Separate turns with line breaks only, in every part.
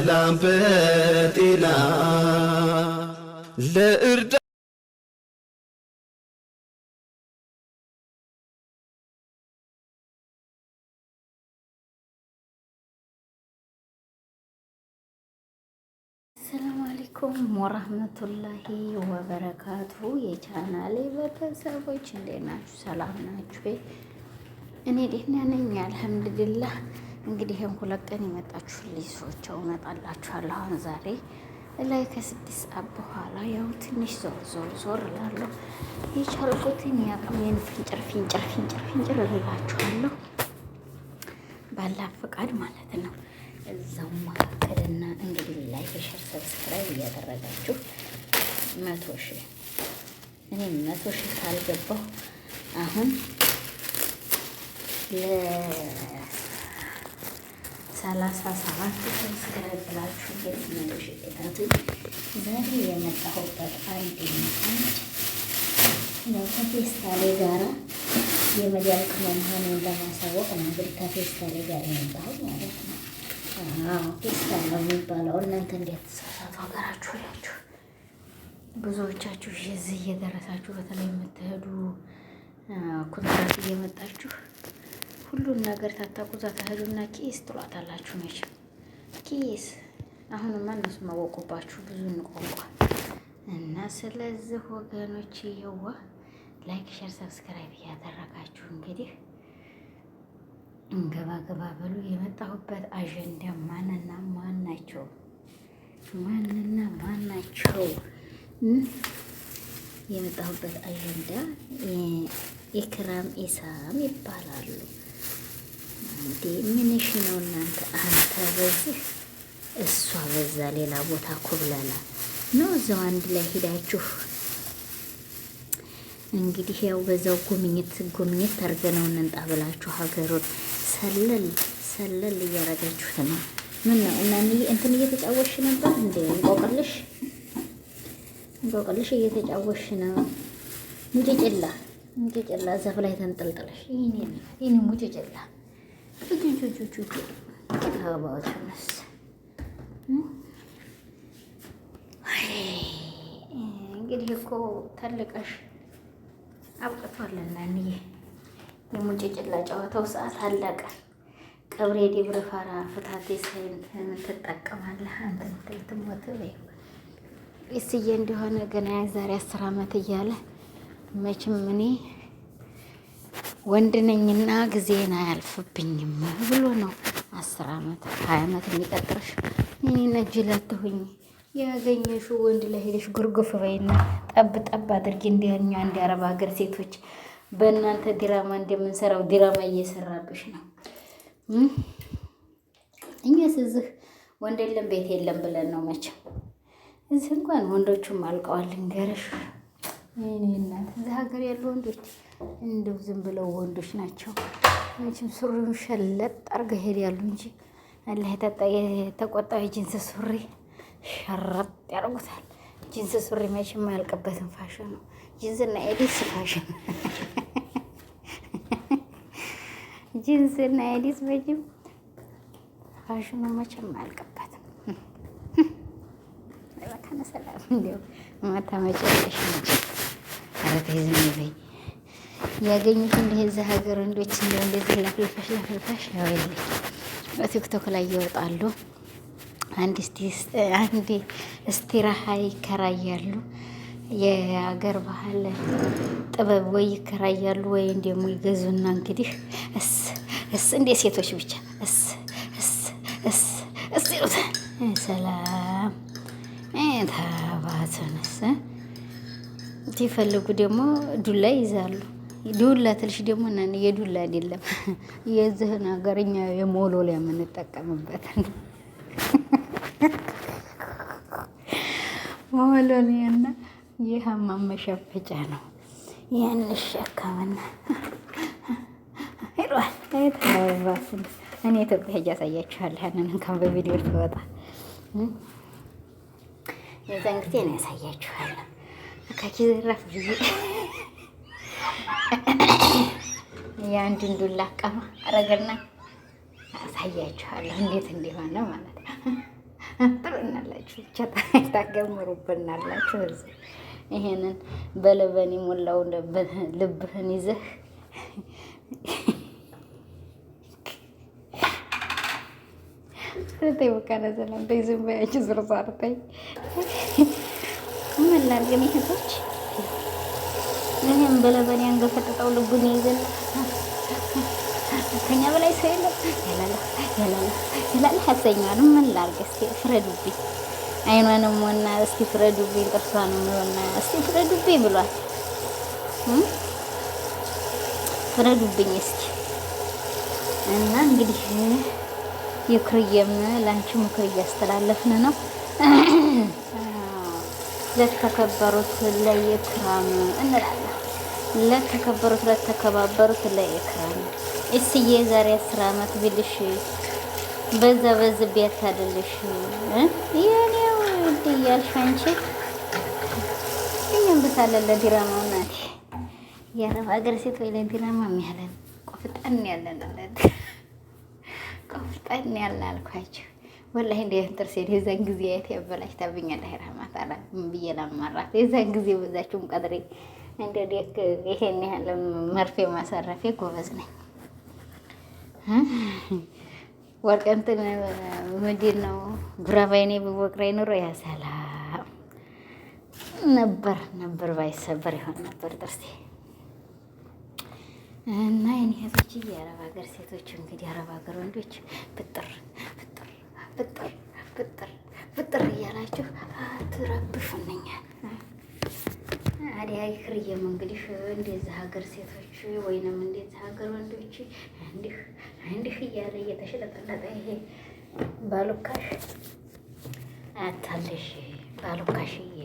በሰላም በጤና
ለእርዳ ሰላም አለይኩም ወራህመቱላሂ ወበረካቱ። የቻናሌ ቤተሰቦች እንዴት ናችሁ? ሰላም ናችሁ? እኔ ደህና ነኝ አልሐምዱሊላህ። እንግዲህ ይህን ሁለት ቀን የመጣችሁ ልጅ ሰዎች እመጣላችኋለሁ። አሁን ዛሬ ላይ ከስድስት ሰዓት በኋላ ያው ትንሽ ዞር ዞር ዞር እላለሁ። የቻልኩትን ያቅሜን ፍንጭር ፍንጭር ፍንጭር ፍንጭር እላችኋለሁ። ባላ ፈቃድ ማለት ነው። እዛው መካከልና እንግዲህ ላይ ሸር፣ ሰብስክራይብ እያደረጋችሁ መቶ ሺ እኔ መቶ ሺ ካልገባሁ አሁን ሰላሳ ሰባት ሰብስክራይብ ብላችሁ የትንሽ ቅጣቱ ዛሬ የመጣሁበት አንድ ምክንያት ነው ከፌስታሌ ጋራ የመዳብ ቅመም መሆኑን ለማሳወቅ ነው። እንግዲህ ከፌስታሌ ጋር የመጣሁት ማለት ነው። ፌስታ ነው የሚባለው። እናንተ እንዴት ተሳሳቱ ሀገራችሁ ያችሁ ብዙዎቻችሁ የዚህ እየደረሳችሁ በተለይ የምትሄዱ ኩንትራት እየመጣችሁ ሁሉን ነገር ታታቁዛ ተህዱና ኪስ ትሏታላችሁ። መቼም ኪስ አሁንማ እነሱ ማወቁባችሁ ብዙ እንቆንቋ እና ስለዚህ ወገኖች የዋ ላይክ፣ ሸር፣ ሰብስክራይብ እያደረጋችሁ እንግዲህ እንገባ ገባ በሉ። የመጣሁበት አጀንዳ ማንና ማን ናቸው? ማንና ማን ናቸው? የመጣሁበት አጀንዳ ኢክራም ኢሳም ይባላሉ። እንዴ ምንሽ ነው እናንተ? አንተ በዚህ እሷ በዛ ሌላ ቦታ ኩብለላ ነው እዛው አንድ ላይ ሄዳችሁ እንግዲህ ያው በዛው ጉብኝት ጉብኝት ተርገነው እንንጣ ብላችሁ ሀገሩን ሰለል ሰለል እያረጋችሁት ነው። ምን ነው እና እንትን እየተጫወሽ ነበር እንዴ? እንቆቅልሽ እንቆቅልሽ እየተጫወሽ ነው። ሙጭጭላ ሙጭጭላ ዛፍ ላይ ተንጠልጥለሽ ይሄኔ ይሄኔ ሙጭጭላ እንግዲህ እኮ ተልቀሽ አብቅቷልና እንዬ የሙጭጭላ ጨዋታው ሰዓት አለቀ። ቀብሬ ዲብረ ፋራ ፍታቴ ሳይንት ትጠቀማለህ አንተ? ትሞት እስዬ እንደሆነ ገና ዛሬ አስር አመት እያለ መቼም እኔ ወንድ ነኝና ጊዜን አያልፍብኝም ብሎ ነው። አስር አመት ሀያ አመት የሚቀጥርሽ እኔና ጅለትሁኝ ያገኘሽው ወንድ ላይ ሄደሽ ጉርጉፍ በይና ጠብ ጠብ አድርጊ። እንዲያኛ እንዲያረብ ሀገር ሴቶች በእናንተ ዲራማ እንደምንሰራው ዲራማ እየሰራብሽ ነው። እኛስ እዚህ ወንድ የለም ቤት የለም ብለን ነው መቼም። እዚህ እንኳን ወንዶቹም አልቀዋል። እንገረሽ እናት እዚህ ሀገር ያሉ ወንዶች እንደው ዝም ብለው ወንዶች ናቸው። መቼም ሱሪውን ሸለጥ አድርገው ያሉ እንጂ አላህ የተቆጣው የጂንስ ሱሪ ሸረጥ ያደርጉታል። ጂንስ ሱሪ መቼም አያልቅበትም። ፋሽን ነው ጂንስና ኤዲስ ፋሽን ጂንስና ኤዲስ መቼም ፋሽኑ መቼም አያልቅበትም። ለካነ ሰላም እንዲያው ማታ መጨረሻ ነው። ኧረ ተይ ዝም በይ። ያገኙት እንዲህ እዚህ ሀገር ወንዶች እንደ እንደዚህ ላፍልፈሽ ላፍልፈሽ ያው የለ በቲክቶክ ላይ ይወጣሉ። አንድ አንድ እስቲራሃ ይከራያሉ። የአገር ባህል ጥበብ ወይ ይከራያሉ ወይ እንደሞ ይገዙና እንግዲህ እስ እስ እንደ ሴቶች ብቻ እስ እስ እስ እስ ይሉት ሰላም ታባትንስ ሲፈልጉ ደግሞ ዱላ ይዛሉ። ዱላ ትልሽ ደግሞ እና የዱላ አይደለም የዚህን ሀገር እኛ የሞሎል የምንጠቀምበት ሞሎልና ይህ ማመሸፈጫ ነው። ይህን ልሸከምና ሄዷል ተባባስን እኔ ኢትዮጵያ ሄጄ አሳያችኋለሁ። ያንን እንኳን በቪዲዮ ትወጣ የዛን ጊዜ ነው ያሳያችኋለሁ። አካኪ ዘራፍ ጊዜ የአንዱን ዱላ አቀማ አረገና አሳያችኋለሁ እንዴት እንዲሆነ ማለት ነው። ጥሩ እናላችሁ ብቻ ታገምሩብናላችሁ። እዚህ ይሄንን በለበን የሞላው ልብህን ይዘህ ተይ በቃ ነዘላ ተይ ዝም በያችሁ ምን ላድርግ እህቶች ይህም በለበን ያንገፈጠጠው ልቡን ይዘን ከኛ በላይ ሰው የለም ያላላ ያላላ ያላላ ያሰኛዋል። ምን ላድርግ? እስኪ ፍረዱብኝ፣ አይኗንም ሆና እስኪ ፍረዱብኝ፣ ጥርሷንም ሆና እስኪ ፍረዱብኝ ብሏል። ፍረዱብኝ እስኪ እና እንግዲህ የኩርዬም ለአንቺ ምክር እያስተላለፍን ነው ለተከበሩት ለየክራም እንላለን። ለተከበሩት ለተከባበሩት ለኢክራም እስዬ የዛሬ አስር አመት ብልሽ በዛ በዝ ቢያታልልሽ የኔው ውድ እያልሽ አንቺ እኛም ብሳለን ለዲራማው ናት የአረብ ሀገር ሴት ወይ ለዲራማ የሚያለን ቆፍጠን ያለን አለን ቆፍጠን ያለን አልኳቸው። ወላሂ እንደ ያንተር ሴት የዛን ጊዜ አየት ያበላሽ ታብኛለህ። ረህማት አላ ብዬ ላማራት የዛን ጊዜ በዛችሁም ቀድሬ እንደ ይሄን ያህል መርፌ ማሳረፌ ጎበዝ ነኝ። ወርቀንትን ምንድን ነው ጉራባይኔ ብወቅራይ ኑሮ ያሰላ ነበር ነበር ባይሰበር ይሆን ነበር ጥርሴ እና የኔ እህቶች የአረብ ሀገር ሴቶች እንግዲህ የአረብ ሀገር ወንዶች ብጥር ብጥር ብጥር ብጥር ብጥር እያላችሁ አትረብሹንኛል። ታዲያ ይክርየም እንግዲህ እንደዚህ ሀገር ሴቶች ወይንም እንደዚህ ሀገር ወንዶች እንዲህ እንዲህ እያለ እየተሸለጠለጠ ይሄ ባሉካሽ አታለሽ ባሉካሽዬ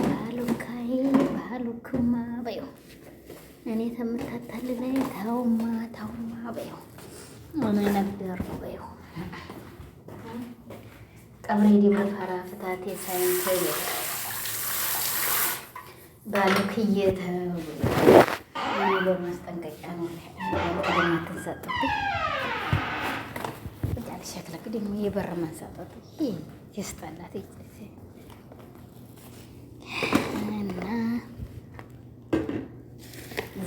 ባሉካይ ባሉክማ በዩ እኔ ተምታታል ላይ ታውማ ታውማ በዩ ሆነ ነበር በዩ ቀብሬ ዲመፈራ ፍታቴ ሳይንቶ ባልክዬ ነገር ማስጠንቀቂያ ነው። ማትንሳጠብኝ ጫል ደግሞ የበር ይስጠላት እና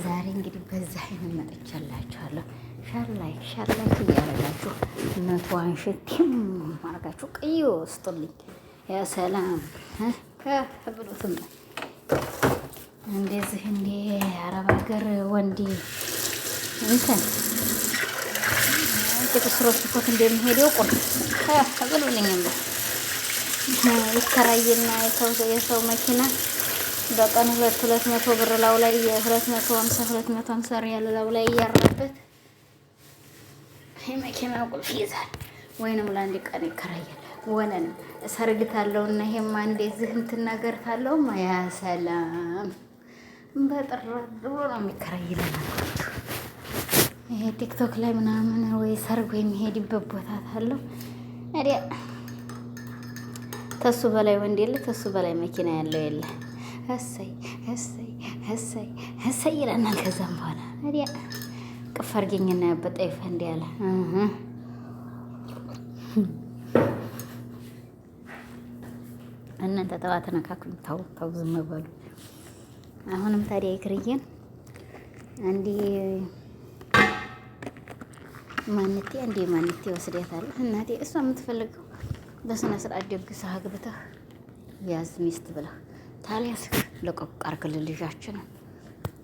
ዛሬ እንግዲህ በዛ አይነት መጥቻላችኋለሁ። ላይክ ላይክ እያደረጋችሁ መቶ አንሽቲም አድርጋችሁ ያ ሰላም ከብሎትም እንደዚህ እንደ አረብ ሀገር ወንድ እንትን ጥቅስ ሮስኮት እንደሚሄደው ቁር አገልብልኝም ይከራይና የሰው መኪና በቀን ሁለት ሁለት መቶ ብር ላው ላይ የሁለት መቶ ሀምሳ ሁለት መቶ ሀምሳ ሪያል ላው ላይ እያረበት የመኪና ቁልፍ ይዛል። ወይንም ለአንድ ቀን ይከራያል። ወለን ሰርግታለሁና ይሄማ እንደዚህ እንትናገርታለሁማ ያ ሰላም በጥር ብሎ ነው የሚከራይለን። ይሄ ቲክቶክ ላይ ምናምን ወይ ሰርግ የሚሄድበት ቦታ ታለው ታዲያ ተሱ በላይ ወንድ የለ፣ ተሱ በላይ መኪና ያለው የለ። እሰይ እሰይ እሰይ እሰይ ይለናል። ከዛም በኋላ ታዲያ ቅፍ አድርጌኝ እና ይፈ እንዲህ ያለ እናንተ ተዋተነካኩኝ። ተው ተው ዝም በሉ። አሁንም ታዲያ ይክርየን አንዴ ማንቴ አንዴ ማንቴ ወስደታል። እናቴ እሷ የምትፈልገው በስነ ስርዓት ደግሰ አግብተህ ያዝ ሚስት ብለህ ታሊያስ ለቆቅ አርግልን ልጃችንን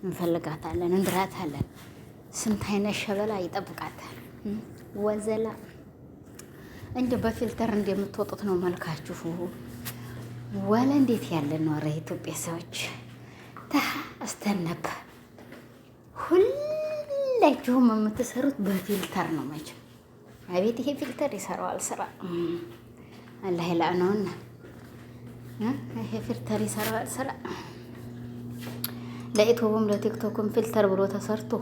እንፈልጋታለን፣ እንድራታለን። ስንት አይነት ሸበላ ይጠብቃታል። ወዘላ እንደ በፊልተር እንደምትወጡት ነው መልካችሁ። ወለ እንዴት ያለ ነው! ኢትዮጵያ ሰዎች ታ አስተነከ ሁላችሁም የምትሰሩት በፊልተር ነው መቼም። አቤት ይሄ ፊልተር ይሰራዋል ስራ አላህ ይላእነውና ይሄ ፊልተር ይሰራዋል ስራ ለኢትዮቡም ለቲክቶኩም ፊልተር ብሎ ተሰርቶ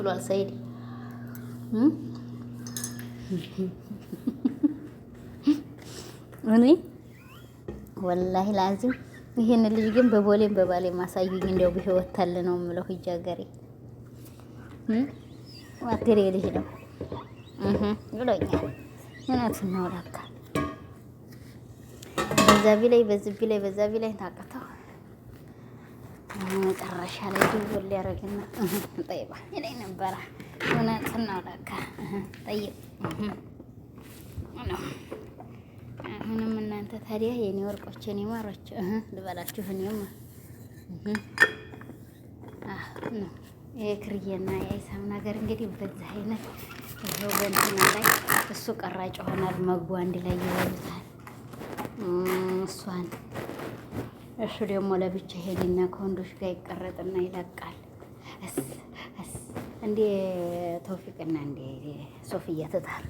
ብሏል ሰይድ እኔ ወላሂ ላዚም ይህን ልጅ ግን በቦሌም በባሌ ማሳዩኝ እንደው በህይወት ታለ ነው የምለው። ሂጅ ሀገሬ ዋቴሬ ልጅ ነው ብሎኛል። እውነቱን ነው ለካ በዛ ቢላይ በዚህ ቢላይ በዛ ቢላይ ታቅተው መጨረሻ ላይ ድውል ሊያደርግና ጠይባ ይለኝ ነበረ። እውነቱን ነው ለካ ጠይብ ነው አሁንም እናንተ ታዲያ የኔ ወርቆች የኔ ማሮች ልበላችሁ። እኔም ነው የክርዬና የአይሳም ነገር እንግዲህ በዚህ አይነት ይኸው በእንትና ላይ እሱ ቀራጭ ይሆናል። መጉ አንድ ላይ ይበሉታል። እሷን እሱ ደግሞ ለብቻ ሄድና ከወንዶች ጋር ይቀረጥና ይለቃል። እንደ ተውፊቅና እንደ ሶፍያ ትታል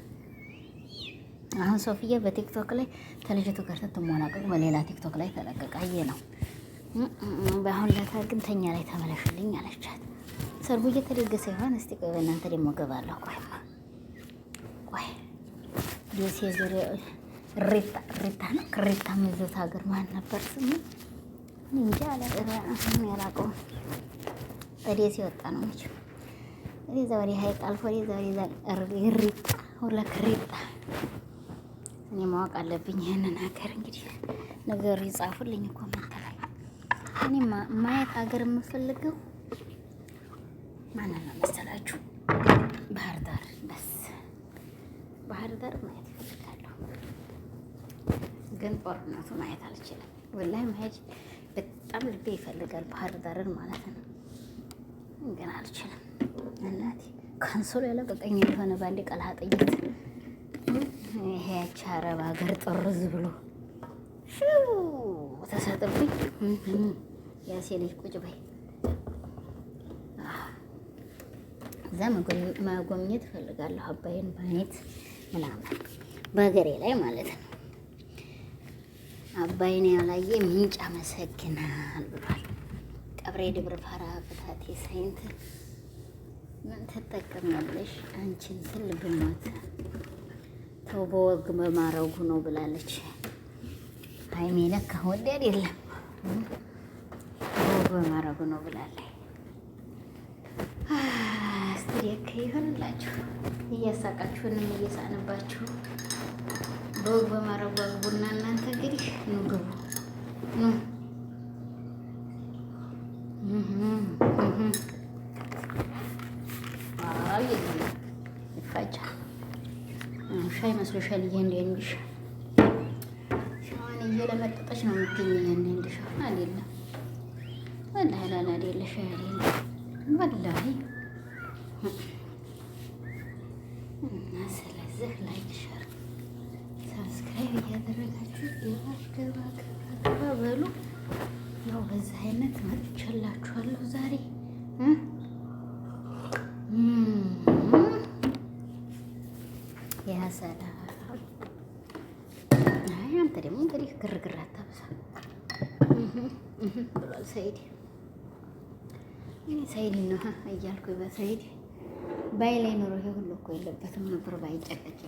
አሁን ሶፊያ በቲክቶክ ላይ ከልጅቱ ጋር ስትሞናቀቅ በሌላ ቲክቶክ ላይ ተለቀቀ። ነው። በአሁን ለታ ግን ተኛ ላይ ተመለሽልኝ አለቻት። ሰርጉ እየተደገሰ ይሆን? እስቲ ቆይ በእናንተ ደግሞ ገባለሁ። ቆይማ ቆይ ደሴ ዙሪያ ሪታ ሪታ ነው ሪታ ምዞት ሀገር ማን ነበር ስሙ? እንጂ አላቅም ያላቀው እዴስ የወጣ ነው ች ወደዛ ወደ ሀይቅ አልፎ ወደዛ ወደዛ ሪታ ሁላ ሪታ እኔ ማወቅ አለብኝ ይህንን ሀገር። እንግዲህ ነገሩ ይጻፉልኝ እኮ መተላል እኔ ማየት ሀገር የምፈልገው ማንን ነው መሰላችሁ? ባህር ዳር በስ ባህር ዳር ማየት እፈልጋለሁ፣ ግን ጦርነቱ ማየት አልችልም። ወላሂ መሄድ በጣም ልቤ ይፈልጋል ባህር ዳርን ማለት ነው፣ ግን አልችልም። እናቴ ካንሶሎ ያለቀቀኝ እንደሆነ ባንዴ ቀልሃ ይሄ ያቺ አረብ ሀገር ጥርዝ ብሎ ሹ ተሰጥብኝ ያሴ ልጅ ቁጭ በይ እዛ መጎብኘት እፈልጋለሁ። አባይን ባኔት ምናምን በሀገሬ ላይ ማለት ነው። አባይን ያላየ ምንጭ አመሰግናል ብሏል። ቀብሬ ድብር ፋራ ፍታቴ ሳይንት ምን ትጠቀሚያለሽ አንቺን ስል ብሞት ሰው በወግ በማረጉ ነው ብላለች ሀይሜ። ለካ ወደ አይደለም በወግ በማረጉ ነው ብላለች። ስትሪክ ይሆንላችሁ፣ እያሳቃችሁንም እየሳንባችሁ በወግ በማረጉ አግቡና እናንተ እንግዲህ ኑ ግቡ ኑ ይፋጃል ሻይ መስሎሻል? ይሄ እንደ እንዲሽ ሻዋን እየለመጠጠች ነው የምትገኝ። ይሄ እንደ እንዲሽ አይደለም ወላሂ ላላ አይደለ ሻይ አይደለም ወላሂ እና ስለዚህ ላይክ፣ ሸር፣ ሰብስክራይብ እያደረጋችሁ የባሽ ገባ ገባ በሉ። ያው በዚህ አይነት መጥቻላችኋለሁ ዛሬ በሰላም አይ አንተ ደግሞ እንግዲህ ግርግር አታብዛ ብሏል ሰይድ። እኔ ሰይድ ነው እያልኩ በሰይድ ባይ ላይ ኖሮ ይሄ ሁሉ እኮ የለበትም ነበር ባይጨቀጨቅ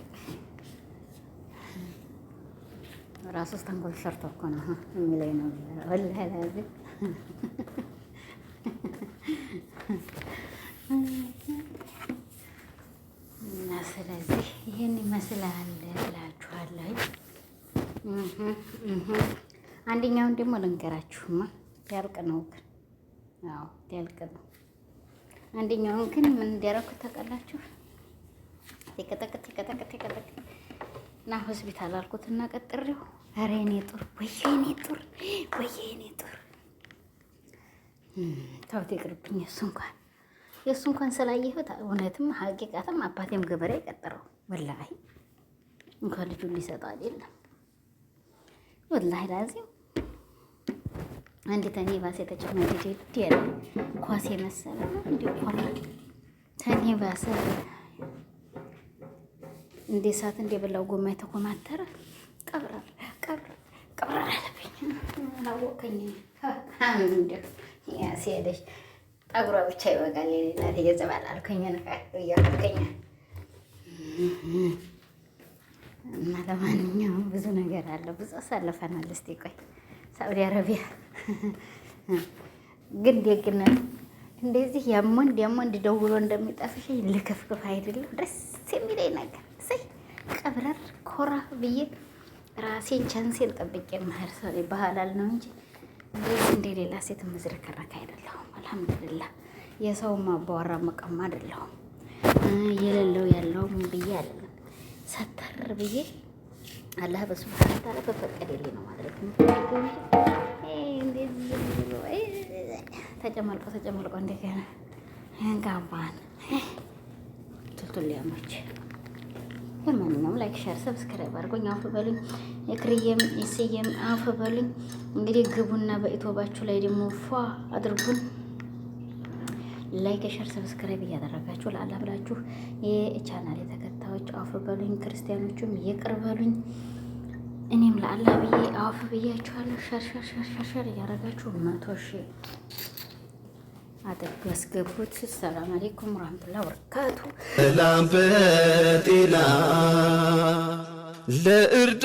ራሱ ውስጥ ሰርቶ እኮ ነው የሚለኝ ነው ወላሂ ስለዚህ ይህን ይመስላል እላችኋለሁ። አንደኛውን ደግሞ ልንገራችሁማ ሊያልቅ ነው ግን አዎ ነው። አንደኛውን ግን ምን ታውቃላችሁ? እና ሆስፒታል አልኩትና ቀጥሬው ኧረ የኔ ጡር ወይዬ የኔ ጡር ወይዬ የኔ ጡር ተውት ይቅርብኝ እሱ እንኳን የእሱ እንኳን ስላየሁት እውነትም ሀቂቃትም አባቴም ገበሬ የቀጠረው ወላሂ እንኳን ልጁ ሊሰጥ አይደለም ወላሂ ላዚም አንዴ እኔ ባሴ ተጨማሪ ዴድ ያለ ኳስ የመሰለ እንዲ ኳስ ተኔ ባሰ እንደ እሳት እንደ በላው ጎማ የተኮማተረ ቀብራ ቀብራ ቀብራ አለብኝ አላወቀኝ እንዲ ያስሄደች ጠጉሯ ብቻ ይወጋል። እናት እየዘባል አልከኝ እያልከኝ እና ለማንኛውም ብዙ ነገር አለው፣ ብዙ አሳልፈናል። እስቲ ቆይ ሳኡዲ አረቢያ ግን ደግነቱ እንደዚህ ያሞንድ ያሞንድ ደውሎ እንደሚጠፍሽ ልክፍክፍ አይደለም ደስ የሚለኝ ነገር እሰይ ቀብረር ኮራ ብዬ ራሴን ቻንሴን ጠብቄ መሄድ ሰው ባህላል ነው እንጂ እንደዚህ እንደሌላ ሴት ምዝረከረክ አይደለሁም። አልሐምዱሊላህ የሰውም አባወራ መቀማ አይደለሁም። የሌለው ያለው ምን ብዬ አይደለም ሰተር ብዬ አላህ በሱብሃነ ተዓላ በፈቀደልኝ ነው ማድረግ የምፈልገው። ተጨማልቆ እንደገና ጋባን ቱልቱል ለማንኛውም ላይክ፣ ሸር፣ ሰብስክራይብ አድርጎኝ አውፍ በሉኝ። ክርየም ኢስየም አውፍ በሉኝ። እንግዲህ ግቡና በኢትዮባችሁ ላይ ደግሞ ፏ አድርጉን። ላይክ፣ ሸር፣ ሰብስክራይብ እያደረጋችሁ ለአላህ ብላችሁ የቻናል የተከታዮች አውፍ በሉኝ። ክርስቲያኖቹም ይቅር በሉኝ። እኔም ለአላህ ብዬ አውፍ ብያችኋለሁ። ሸር ሸር ሸር ሸር እያደረጋችሁ መቶ ሺህ አድርገው ያስገቡት። ሰላም አለይኩም ረህመቱላ ወበረካቱ። ሰላም በጤና ለእርዳ